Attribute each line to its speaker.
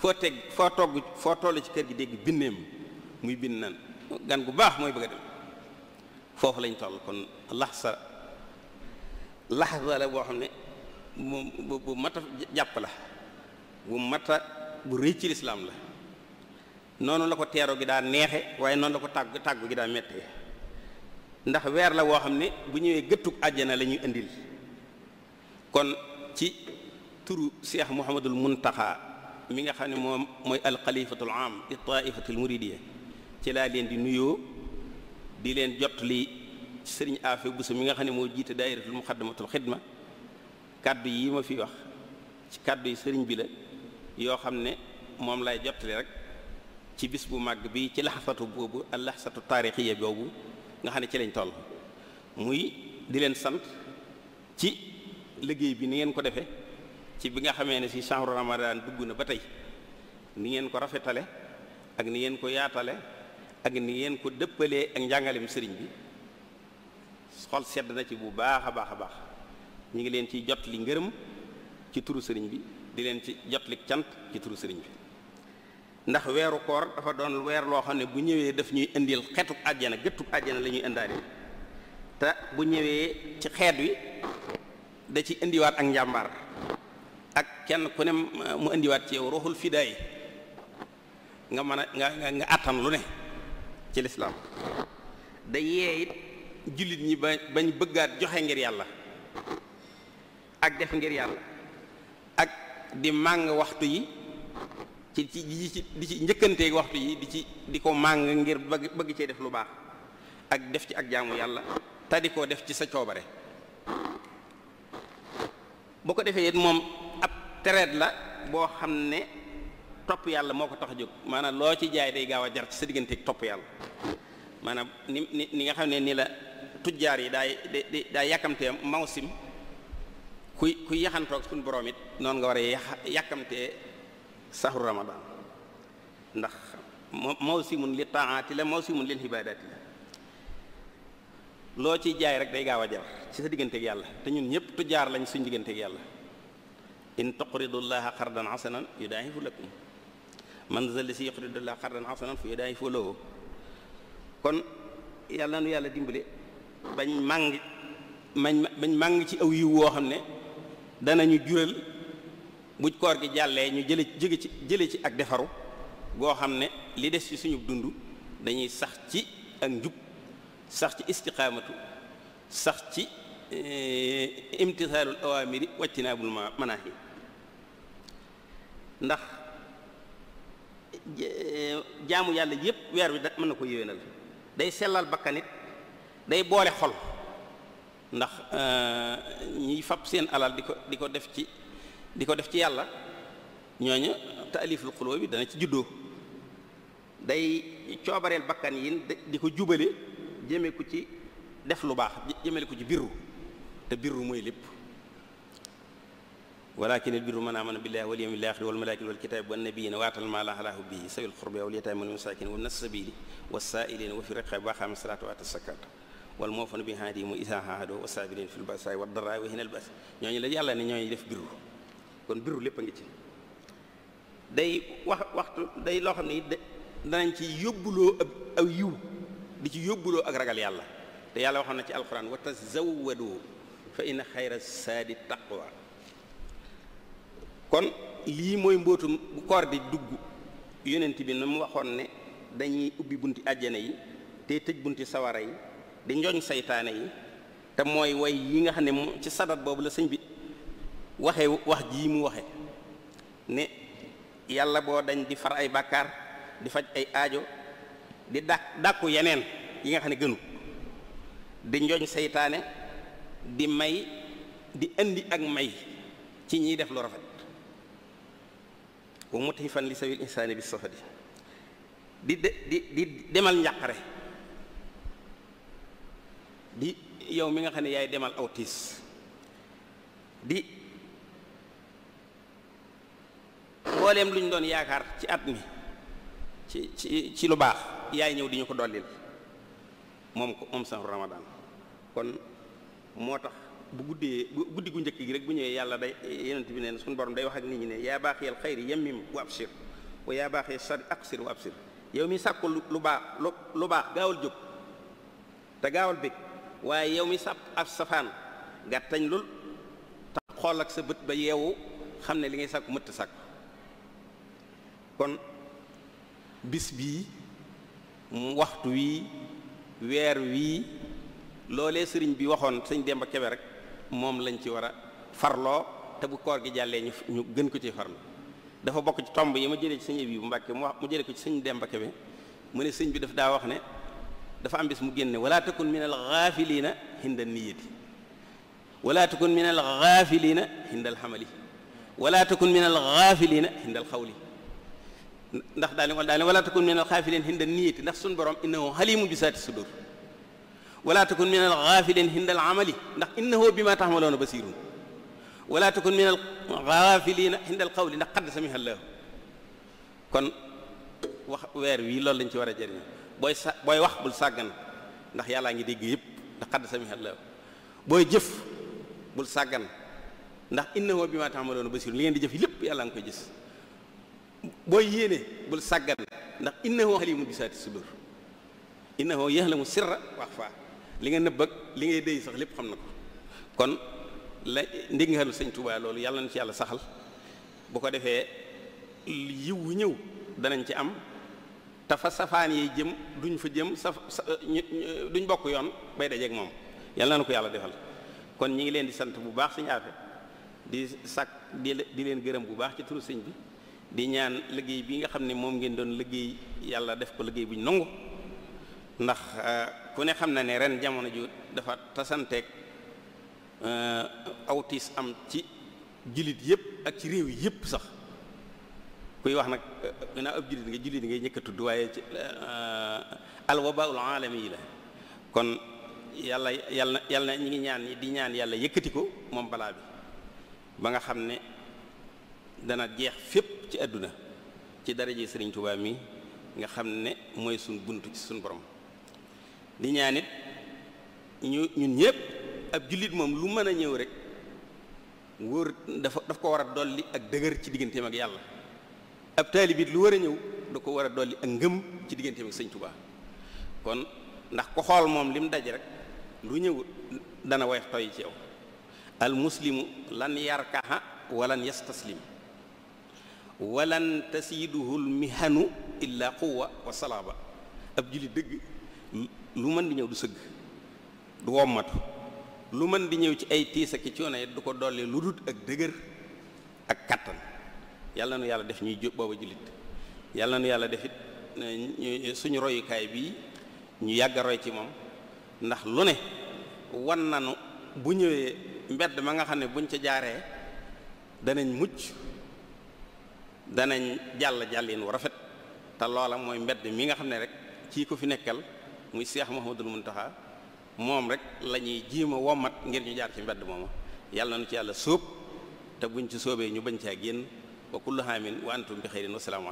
Speaker 1: foo teg foo togg foo toll ci kër gi dégg binneem muy bind nan gan gu baax mooy bëgg a dem foofu lañ toll kon laxsa laxsa la boo xam ne bu bu mat a jàpp la bu mat bu rëy ci lislaam la noonu la ko teeroo gi daa neexe waaye noonu la ko tàggu tàggu gi daa mettee ndax weer la woo xam ne bu ñëwee gëttug àjjana la ñuy indil kon ci turu Cheikh Mouhamadul Muntaxa mi nga xam ne moom mooy alxalifatul am di taifatul muridiya ci laa leen di nuyoo di leen jot li sëriñ Afe Buso mi nga xam ne moo jiite daayiratul muxaddamatul xidma kàddu yi ma fi wax ci kàddu yi sëriñ bi la yoo xam ne moom lay jottali rek ci bis bu màgg bi ci laxasatu boobu al taarixiya boobu nga xam ne ci lañ toll muy di leen sant ci liggéey bi ni ngeen ko defee ci bi nga xamee ne si chahru ramadan dugg na ba tey ni ngeen ko rafetale ak ni ngeen ko yaatale ak ni ngeen ko dëppalee ak njàngalem sëriñ bi xol sedd na ci bu baax a baax a baax ñu ngi leen ciy jot li ngërëm ci turu sëriñ bi di leen ci jot li cant ci turu sëriñ bi ndax weeru koor dafa doon weer loo xam ne bu ñëwee daf ñuy indil xeetuk àjjana gëttuk àjjana la ñuy indaale te bu ñëwee ci xeet wi da ci indiwaat ak njàmbaar kenn ku ne mu indiwaat ci yow ruuxul fidaay nga mën a nga nga attan lu ne ci lislaam day yee it jullit ñi ba bañ bëggaat joxe ngir yàlla ak def ngir yàlla ak di màng waxtu yi ci ci di ci njëkkanteeg waxtu yi di ci di ko màng ngir bëgg bëgg cee def lu baax ak def ci ak jaamu yàlla te di ko def ci sa coobare boo ko defee it moom tereet la boo xam ne topp yàlla moo ko tax a jóg maanaam loo ci jaay day gaaw a jar ci sa digganteeg topp yàlla maanaam ni ni ni nga xam ne ni la tujjaar yi daay daay yàkkamtee mawsim kuy kuy yaxantoog suñu borom noonu nga war a yàkkamtee saxru ramadan ndax mawsimun li taati la mawsimun lil ibadati la loo ciy jaay rek day gaaw a jar ci sa digganteeg yàlla te ñun ñëpp tujjaar lañ suñ digganteeg yàlla in tuqridullaha qardan hasanan yudaa'ifu lakum yu zalli si yuqridullaha qardan hasanan fa yudaa'ifu lahu kon yàlla nu yàlla dimbale bañ màng mañ bañ màng ci aw yiw woo xam ne danañu jural buj koor gi jàllee ñu jële jëge ci jële ci ak defaru goo xam ne li des ci suñu dund dañuy sax ci ak njub sax ci istiqaamatu sax ci eh, imtisaalul awaamiri wacc naa bul manaahi ndax jaamu yàlla yëpp weer wi da mën na ko yéwénal day sellal bakkanit day boole xol ndax euh, ñiy fab seen alal di ko di ko def ci di ko def ci yàlla ñooñu taaliful xuloo bi dana ci juddoo day coobareel bakkan yi di ko jubale jëmee ko ci def lu baax jëmale ko ci birru te birru mooy lépp walakin albirru man amana billahi wal yawmil akhir wal malaikati wal kitabi wan nabiyina waatal maala ala hubbihi sawil qurbi wal yatama wal masakin wa nas sabili wasailin wa fi riqabi wa aqama salata wa ata zakata wal mufuna bi hadi mu isa haado wasabirin fil basa wad dara wa hinal bas ñooñu la yàlla ne ñooñu def birru kon birru lépp a ngi ci day wax waxtu day loo xam ne it danañ ci yóbbuloo ab aw yiw di ci yóbbuloo ak ragal yàlla te yàlla waxoon na ci alquran wa tazawwadu fa inna xayra saadi taqwa kon lii mooy mbootum bu koor di dugg yonent bi na mu waxoon ne dañuy ubbi bunti àjjane yi tey tëj bunti sawara yi di njooñ seytaane yi te mooy way yi nga xam ne mu ci sadat boobu la sëñ bi waxe wax jii mu waxe ne yàlla boo dañ di far ay bàkkaar di faj ay aajo di dàq dàqu yeneen yi nga xam ne gënu di njoñ saytaane di may di indi ak may ci ñiy def lu rafet wa fan li sawil insaani bi safadi di de di di demal njàqare di yow mi nga xam ne yaay demal aw tiis di mbooleem lu ñu doon yaakaar ci at mi ci ci ci lu baax yaay ñëw di ñu ko dollil moom ko moom sax Ramadan kon moo tax bu guddee guddi gu njëkk gi rek bu ñëwee yàlla day yenent bi neen suñu borom day wax ak nit ñi ne yaa baaxiyal xayri yemmim wa absir wa yaa baaxiya sari aqsir wa absir yow mi sàkku lu baax lu baax gaawal jóg te gaawal bég waaye yow mi sàpp ab safaan gàttañ lul te xool ak sa bët ba yeewu xam ne li ngay sàkku mëtt sàkk kon bis bii waxtu wii weer wii loolee sëriñ bi waxoon sëñ demb Kebe rek moom lañ ci war a farloo te bu koor gi jàllee ñu ñu gën ko ci farlu dafa bokk ci tomb yi ma jëlee ci sëñ bi bu Mbàkke mu wax mu jëlee ko ci sëñ dembake bi mu ne sëñ bi daf daa wax ne dafa am bis mu génne wala takun min al gaafiliina hinda niyati wala takun min al gaafiliina hinda al xamali wala takun min al gaafiliina hinda al xawli ndax daal ne wala takun min al gaafiliina hinda niyati ndax suñu borom innahu xaliimun bi su sudur wala takun min al gaafilin amali ndax innahu bima taxmaloona basirun wala takun min al gaafilina hinda al qawli ndax xadd samiha kon weer wii loolu lañ ci war a jëriñoo booy booy wax bul sàggan ndax yàllaa ngi dégg yëpp ndax xadd samiha booy jëf bul sàggan ndax innahu bima taxmaloona basirun li ngeen di jëf yépp yàlla nga koy gis booy yéene bul sàggan ndax innahu alimun bisaati sudur innahu yaxlamu sirra wax faa li nga nëbb ak li ngay déy sax lépp xam na ko kon la ndigalu sëñ Tuubaa loolu yàlla na ci yàlla saxal bu ko defee yiw wu ñëw danañ ci am dafa safaan yi jëm duñ fa jëm saf duñ bokk yoon bay dajeeg moom yàlla na ko yàlla defal kon ñi ngi leen di sant bu baax sëñ Afe di sàkk di leen gërëm bu baax ci turu sëñ bi di ñaan liggéey bi nga xam ne moom ngeen doon liggéey yàlla def ko liggéey buñ nangu ndax euh, ku ne xam na ne ren jamono ju dafa tasanteeg euh, awtis am ci jullit yëpp ak ci réew yëpp sax kuy wax nag euh, gannaaw ab jullit nga jullit ngay ñëkk tudd waaye ci alwabaul alami yi la kon yàlla yàlla yàlla ñu ngi ñaan di ñaan yàlla yëkkati ko moom balaa bi ba nga xam ne dana jeex fépp ci àdduna ci dara daraje Sëriñ tubaab mi nga xam ne mooy suñ bunt ci suñ borom di ñaanit ñu ñun ñëpp ab jullit moom lu mën a ñëw rek wóor dafa daf ko war a dolli ak dëgër ci digganteem ak yàlla ab taalib lu war a ñëw da ko war a dolli ak ngëm ci digganteem ak sëñ Tuubaa kon ndax ko xool moom li mu daj rek lu ñëw dana woyof toy ci yow al muslimu lan yarkaha walan walla walan tasiiduhul mihanu illa quwa wa ab jullit dëgg lu mën di ñëw du sëgg du wommatu lu mën di ñëw ci ay tiis ak coono it du ko dolli lu dut ak dëgër ak kàttan yàlla na nu yàlla def ñuy jub booba jullit yàlla na nu yàlla def it suñu royukaay bii ñu yàgg roy ci moom ndax lu ne wan na nu bu ñëwee mbedd ma nga xam ne buñ ca jaaree danañ mucc danañ jàll jàllin wu rafet te loola mooy mbedd mi nga xam ne rek ci ko fi nekkal muy seex Muhammadul Muntaxa moom rek la ñuy jiima wommat ngir ñu jaar ci mbedd moomu yàlla na nu ci yàlla sóob te buñ ci soobee ñu bañ caa génn wa kullu haamin wa antum bi xayrin wa salaamu